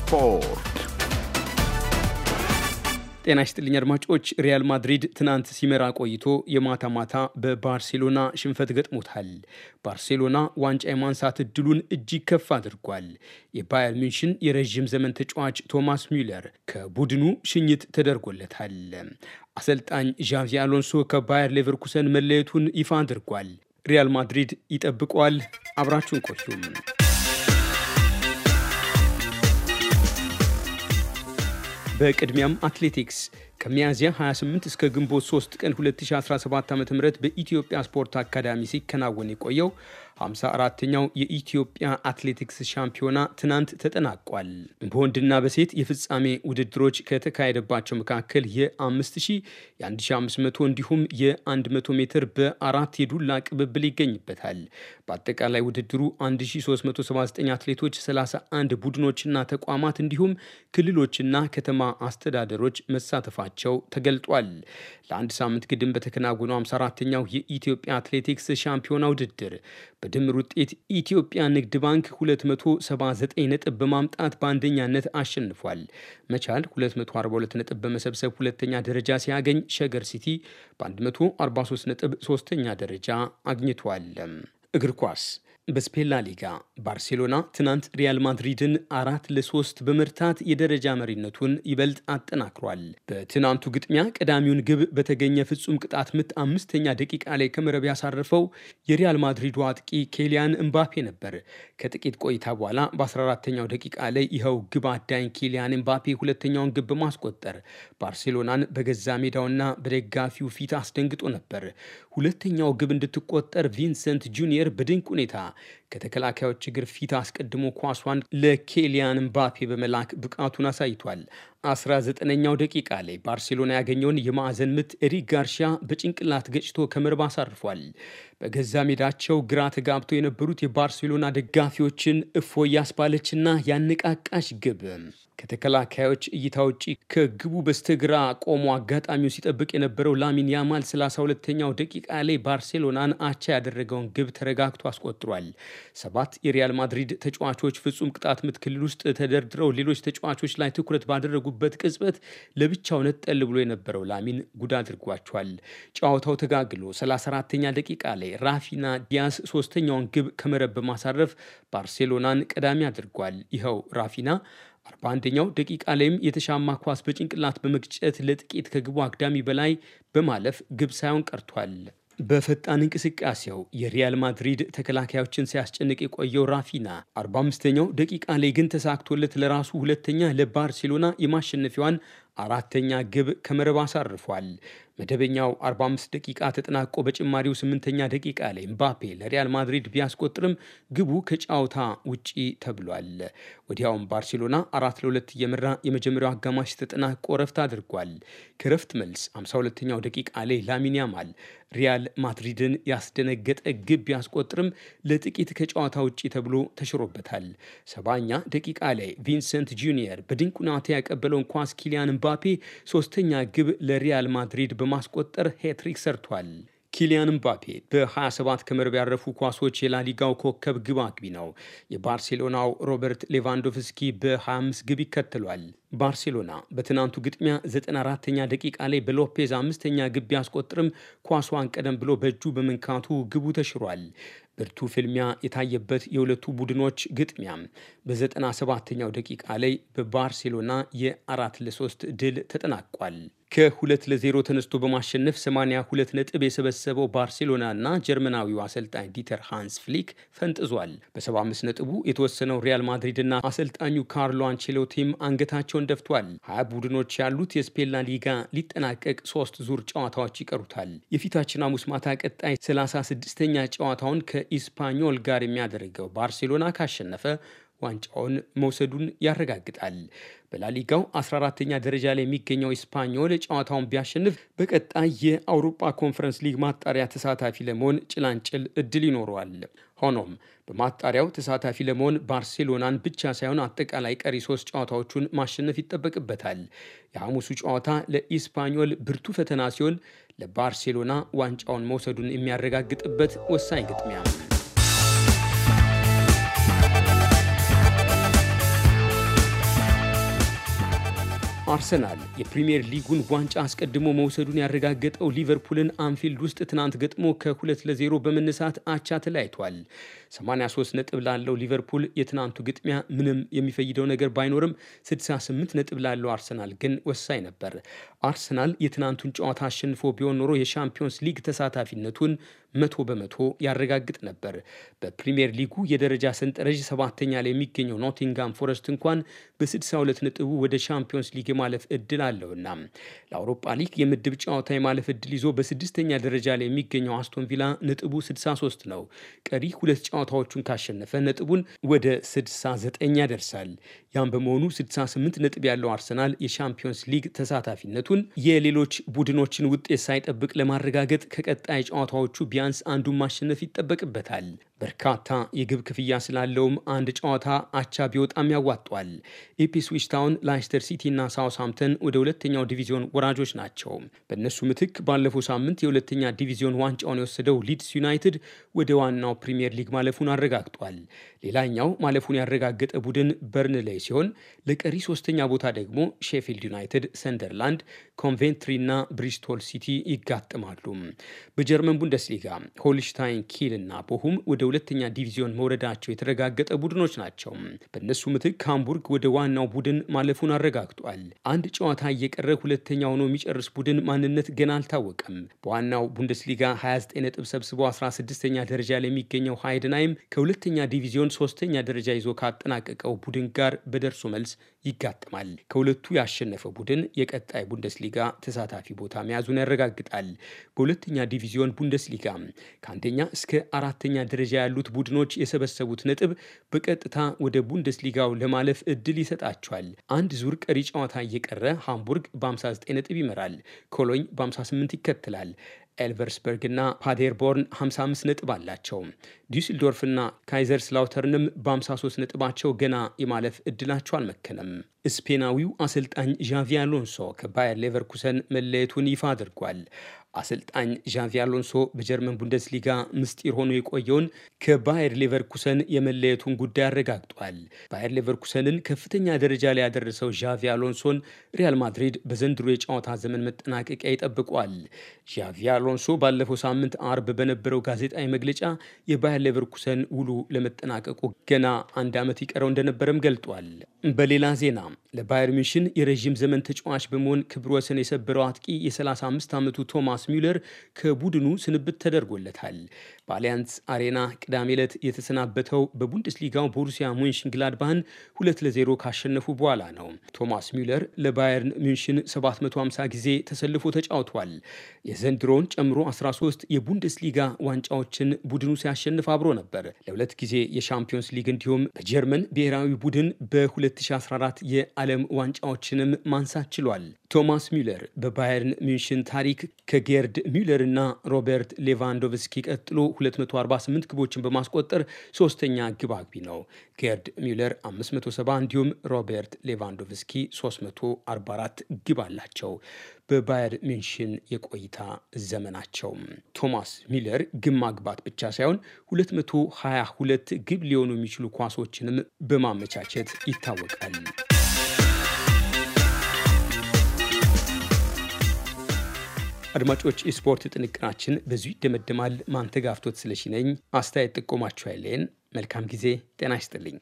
ስፖርት ጤና ይስጥልኝ አድማጮች። ሪያል ማድሪድ ትናንት ሲመራ ቆይቶ የማታ ማታ በባርሴሎና ሽንፈት ገጥሞታል። ባርሴሎና ዋንጫ የማንሳት እድሉን እጅግ ከፍ አድርጓል። የባየር ሚንሽን የረዥም ዘመን ተጫዋች ቶማስ ሚለር ከቡድኑ ሽኝት ተደርጎለታል። አሰልጣኝ ዣቪ አሎንሶ ከባየር ሌቨርኩሰን መለየቱን ይፋ አድርጓል። ሪያል ማድሪድ ይጠብቋል። አብራችሁን ቆዩም በቅድሚያም አትሌቲክስ ከሚያዝያ 28 እስከ ግንቦት 3 ቀን 2017 ዓ ም በኢትዮጵያ ስፖርት አካዳሚ ሲከናወን የቆየው 54ኛው የኢትዮጵያ አትሌቲክስ ሻምፒዮና ትናንት ተጠናቋል። በወንድና በሴት የፍጻሜ ውድድሮች ከተካሄደባቸው መካከል የ5000፣ የ1500 እንዲሁም የ100 ሜትር በአራት የዱላ ቅብብል ይገኝበታል። በአጠቃላይ ውድድሩ 1379 አትሌቶች፣ 31 ቡድኖችና ተቋማት እንዲሁም ክልሎችና ከተማ አስተዳደሮች መሳተፋቸው ተገልጧል። ለአንድ ሳምንት ግድም በተከናወነው 54ኛው የኢትዮጵያ አትሌቲክስ ሻምፒዮና ውድድር በድምር ውጤት ኢትዮጵያ ንግድ ባንክ 279 ነጥብ በማምጣት በአንደኛነት አሸንፏል። መቻል 242 ነጥብ በመሰብሰብ ሁለተኛ ደረጃ ሲያገኝ፣ ሸገር ሲቲ በ143 ነጥብ ሶስተኛ ደረጃ አግኝቷል። እግር ኳስ በስፔን ሊጋ ባርሴሎና ትናንት ሪያል ማድሪድን አራት ለሶስት በመርታት የደረጃ መሪነቱን ይበልጥ አጠናክሯል። በትናንቱ ግጥሚያ ቀዳሚውን ግብ በተገኘ ፍጹም ቅጣት ምት አምስተኛ ደቂቃ ላይ ከመረብ ያሳረፈው የሪያል ማድሪዱ አጥቂ ኬሊያን እምባፔ ነበር። ከጥቂት ቆይታ በኋላ በ14ተኛው ደቂቃ ላይ ይኸው ግብ አዳኝ ኬሊያን እምባፔ ሁለተኛውን ግብ በማስቆጠር ባርሴሎናን በገዛ ሜዳውና በደጋፊው ፊት አስደንግጦ ነበር። ሁለተኛው ግብ እንድትቆጠር ቪንሰንት ጁኒየር በድንቅ ሁኔታ ከተከላካዮች እግር ፊት አስቀድሞ ኳሷን ለኬሊያን ምባፔ በመላክ ብቃቱን አሳይቷል። 19ኛው ደቂቃ ላይ ባርሴሎና ያገኘውን የማዕዘን ምት ኤሪክ ጋርሺያ በጭንቅላት ገጭቶ ከመረብ አሳርፏል። በገዛ ሜዳቸው ግራ ተጋብቶ የነበሩት የባርሴሎና ደጋፊዎችን እፎ እያስባለችና ያነቃቃች ግብ ከተከላካዮች እይታ ውጪ ከግቡ በስተግራ ቆሞ አጋጣሚው ሲጠብቅ የነበረው ላሚን ያማል 32ኛው ደቂቃ ላይ ባርሴሎናን አቻ ያደረገውን ግብ ተረጋግቶ አስቆጥሯል። ሰባት የሪያል ማድሪድ ተጫዋቾች ፍጹም ቅጣት ምት ክልል ውስጥ ተደርድረው ሌሎች ተጫዋቾች ላይ ትኩረት ባደረጉ በተረጋጉበት ቅጽበት ለብቻው ነጠል ብሎ የነበረው ላሚን ጉድ አድርጓቸዋል። ጨዋታው ተጋግሎ 34ተኛ ደቂቃ ላይ ራፊና ዲያስ ሶስተኛውን ግብ ከመረብ በማሳረፍ ባርሴሎናን ቀዳሚ አድርጓል። ይኸው ራፊና 41ኛው ደቂቃ ላይም የተሻማ ኳስ በጭንቅላት በመግጨት ለጥቂት ከግቡ አግዳሚ በላይ በማለፍ ግብ ሳይሆን ቀርቷል። በፈጣን እንቅስቃሴው የሪያል ማድሪድ ተከላካዮችን ሲያስጨንቅ የቆየው ራፊና 45ኛው ደቂቃ ላይ ግን ተሳክቶለት ለራሱ ሁለተኛ ለባርሴሎና የማሸነፊያዋን አራተኛ ግብ ከመረብ አሳርፏል። መደበኛው 45 ደቂቃ ተጠናቆ በጭማሪው ስምንተኛ ደቂቃ ላይ ምባፔ ለሪያል ማድሪድ ቢያስቆጥርም ግቡ ከጨዋታ ውጪ ተብሏል። ወዲያውም ባርሴሎና አራት ለሁለት እየመራ የመጀመሪያው አጋማሽ ተጠናቆ ረፍት አድርጓል። ከረፍት መልስ 52ኛው ደቂቃ ላይ ላሚን ያማል ሪያል ማድሪድን ያስደነገጠ ግብ ቢያስቆጥርም ለጥቂት ከጨዋታ ውጪ ተብሎ ተሽሮበታል። ሰባኛ ደቂቃ ላይ ቪንሰንት ጁኒየር በድንቁናቴ ያቀበለውን ኳስ ኪሊያን ምባፔ ሶስተኛ ግብ ለሪያል ማድሪድ በ በማስቆጠር ሄትሪክ ሰርቷል። ኪሊያን ምባፔ በ27 ከመረብ ያረፉ ኳሶች የላሊጋው ኮከብ ግብ አግቢ ነው። የባርሴሎናው ሮበርት ሌቫንዶቭስኪ በ25 ግብ ይከትሏል። ባርሴሎና በትናንቱ ግጥሚያ 94ኛ ደቂቃ ላይ በሎፔዝ አምስተኛ ግብ ቢያስቆጥርም ኳሷን ቀደም ብሎ በእጁ በመንካቱ ግቡ ተሽሯል። ብርቱ ፍልሚያ የታየበት የሁለቱ ቡድኖች ግጥሚያ በ 97 ተኛው ደቂቃ ላይ በባርሴሎና የአራት ለሶስት ድል ተጠናቋል። ከሁለት ለዜሮ ተነስቶ በማሸነፍ 82 ነጥብ የሰበሰበው ባርሴሎና እና ጀርመናዊው አሰልጣኝ ዲተር ሃንስ ፍሊክ ፈንጥዟል። በ75 ነጥቡ የተወሰነው ሪያል ማድሪድ እና አሰልጣኙ ካርሎ አንቼሎቲም አንገታቸውን ደፍቷል። ሀያ ቡድኖች ያሉት የስፔን ላ ሊጋ ሊጠናቀቅ ሶስት ዙር ጨዋታዎች ይቀሩታል። የፊታችን ሐሙስ ማታ ቀጣይ 36ኛ ጨዋታውን ከኢስፓኞል ጋር የሚያደርገው ባርሴሎና ካሸነፈ ዋንጫውን መውሰዱን ያረጋግጣል። በላሊጋው 14ተኛ ደረጃ ላይ የሚገኘው ኢስፓኞል ጨዋታውን ቢያሸንፍ በቀጣይ የአውሮፓ ኮንፈረንስ ሊግ ማጣሪያ ተሳታፊ ለመሆን ጭላንጭል እድል ይኖረዋል። ሆኖም በማጣሪያው ተሳታፊ ለመሆን ባርሴሎናን ብቻ ሳይሆን አጠቃላይ ቀሪ ሶስት ጨዋታዎቹን ማሸነፍ ይጠበቅበታል። የሐሙሱ ጨዋታ ለኢስፓኞል ብርቱ ፈተና ሲሆን፣ ለባርሴሎና ዋንጫውን መውሰዱን የሚያረጋግጥበት ወሳኝ ግጥሚያ ነው። አርሰናል የፕሪምየር ሊጉን ዋንጫ አስቀድሞ መውሰዱን ያረጋገጠው ሊቨርፑልን አንፊልድ ውስጥ ትናንት ገጥሞ ከ2 ለ0 በመነሳት አቻ ተለያይቷል። 83 ነጥብ ላለው ሊቨርፑል የትናንቱ ግጥሚያ ምንም የሚፈይደው ነገር ባይኖርም 68 ነጥብ ላለው አርሰናል ግን ወሳኝ ነበር። አርሰናል የትናንቱን ጨዋታ አሸንፎ ቢሆን ኖሮ የሻምፒዮንስ ሊግ ተሳታፊነቱን መቶ በመቶ ያረጋግጥ ነበር። በፕሪምየር ሊጉ የደረጃ ሰንጠረዥ ሰባተኛ ላይ የሚገኘው ኖቲንጋም ፎረስት እንኳን በ62 ነጥቡ ወደ ሻምፒዮንስ ሊግ የማለፍ እድል አለውና ለአውሮፓ ሊግ የምድብ ጨዋታ የማለፍ እድል ይዞ በስድስተኛ ደረጃ ላይ የሚገኘው አስቶን ቪላ ነጥቡ 63 ነው። ቀሪ ሁለት ጨዋታዎቹን ካሸነፈ ነጥቡን ወደ 69 ያደርሳል። ያም በመሆኑ 68 ነጥብ ያለው አርሰናል የሻምፒዮንስ ሊግ ተሳታፊነቱን የሌሎች ቡድኖችን ውጤት ሳይጠብቅ ለማረጋገጥ ከቀጣይ ጨዋታዎቹ ቢያንስ አንዱን ማሸነፍ ይጠበቅበታል። በርካታ የግብ ክፍያ ስላለውም አንድ ጨዋታ አቻ ቢወጣም ያዋጧል። ኢፕስዊች ታውን፣ ላይስተር ሲቲ እና ሳውስሃምተን ወደ ሁለተኛው ዲቪዚዮን ወራጆች ናቸው። በእነሱ ምትክ ባለፈው ሳምንት የሁለተኛ ዲቪዚዮን ዋንጫውን የወሰደው ሊድስ ዩናይትድ ወደ ዋናው ፕሪምየር ሊግ ማለ ማለፉን አረጋግጧል። ሌላኛው ማለፉን ያረጋገጠ ቡድን በርን ላይ ሲሆን ለቀሪ ሶስተኛ ቦታ ደግሞ ሼፊልድ ዩናይትድ፣ ሰንደርላንድ፣ ኮንቬንትሪ እና ብሪስቶል ሲቲ ይጋጥማሉ። በጀርመን ቡንደስሊጋ ሆልሽታይን ኪል እና ቦሁም ወደ ሁለተኛ ዲቪዚዮን መውረዳቸው የተረጋገጠ ቡድኖች ናቸው። በእነሱ ምትክ ሃምቡርግ ወደ ዋናው ቡድን ማለፉን አረጋግጧል። አንድ ጨዋታ እየቀረ ሁለተኛ ሆኖ የሚጨርስ ቡድን ማንነት ገና አልታወቀም። በዋናው ቡንደስሊጋ 29 ነጥብ ሰብስቦ 16ኛ ደረጃ ላይ የሚገኘው ሃይድና ላይም ከሁለተኛ ዲቪዚዮን ሶስተኛ ደረጃ ይዞ ካጠናቀቀው ቡድን ጋር በደርሶ መልስ ይጋጥማል። ከሁለቱ ያሸነፈ ቡድን የቀጣይ ቡንደስሊጋ ተሳታፊ ቦታ መያዙን ያረጋግጣል። በሁለተኛ ዲቪዚዮን ቡንደስሊጋ ከአንደኛ እስከ አራተኛ ደረጃ ያሉት ቡድኖች የሰበሰቡት ነጥብ በቀጥታ ወደ ቡንደስሊጋው ለማለፍ እድል ይሰጣቸዋል። አንድ ዙር ቀሪ ጨዋታ እየቀረ ሃምቡርግ በ59 ነጥብ ይመራል። ኮሎኝ በ58 ይከተላል። ኤልቨርስበርግና ፓዴርቦርን 55 ነጥብ አላቸው። ዲዩስልዶርፍና ካይዘርስላውተርንም በ53 ነጥባቸው ገና የማለፍ እድላቸው አልመከነም። ስፔናዊው አሰልጣኝ ዣቪ አሎንሶ ከባየር ሌቨርኩሰን መለየቱን ይፋ አድርጓል። አሰልጣኝ ዣቪ አሎንሶ በጀርመን ቡንደስሊጋ ምስጢር ሆኖ የቆየውን ከባየር ሌቨርኩሰን የመለየቱን ጉዳይ አረጋግጧል። ባየር ሌቨርኩሰንን ከፍተኛ ደረጃ ላይ ያደረሰው ዣቪ አሎንሶን ሪያል ማድሪድ በዘንድሮ የጨዋታ ዘመን መጠናቀቂያ ይጠብቋል። ዣቪ አሎንሶ ባለፈው ሳምንት አርብ በነበረው ጋዜጣዊ መግለጫ የባየር ሌቨርኩሰን ውሉ ለመጠናቀቁ ገና አንድ ዓመት ይቀረው እንደነበረም ገልጧል። በሌላ ዜና ለባየር ሚሽን የረዥም ዘመን ተጫዋች በመሆን ክብረ ወሰን የሰበረው አጥቂ የ35 ዓመቱ ቶማስ ሚለር ከቡድኑ ስንብት ተደርጎለታል። በአሊያንስ አሬና ቅዳሜ ዕለት የተሰናበተው በቡንደስሊጋው ቦሩሲያ ሙንሽን ግላድባህን 2 ለዜሮ ካሸነፉ በኋላ ነው። ቶማስ ሚለር ለባየርን ሚንሽን 750 ጊዜ ተሰልፎ ተጫውቷል። የዘንድሮን ጨምሮ 13 የቡንደስሊጋ ዋንጫዎችን ቡድኑ ሲያሸንፍ አብሮ ነበር። ለሁለት ጊዜ የሻምፒዮንስ ሊግ እንዲሁም በጀርመን ብሔራዊ ቡድን በ2014 የዓለም ዋንጫዎችንም ማንሳት ችሏል። ቶማስ ሚለር በባየርን ሚንሽን ታሪክ ከጌርድ ሚለር እና ሮበርት ሌቫንዶቭስኪ ቀጥሎ 248 ግቦችን በማስቆጠር ሶስተኛ ግብ አግቢ ነው። ጌርድ ሚለር 570 እንዲሁም ሮበርት ሌቫንዶቭስኪ 344 ግብ አላቸው። በባየር ሚንሽን የቆይታ ዘመናቸው ቶማስ ሚለር ግብ ማግባት ብቻ ሳይሆን 222 ግብ ሊሆኑ የሚችሉ ኳሶችንም በማመቻቸት ይታወቃል። አድማጮች የስፖርት ጥንቅናችን ብዙ ይደመደማል። ማንተጋፍቶት ስለሽነኝ አስተያየት ጥቆማችሁ አይለየን። መልካም ጊዜ። ጤና ይስጥልኝ።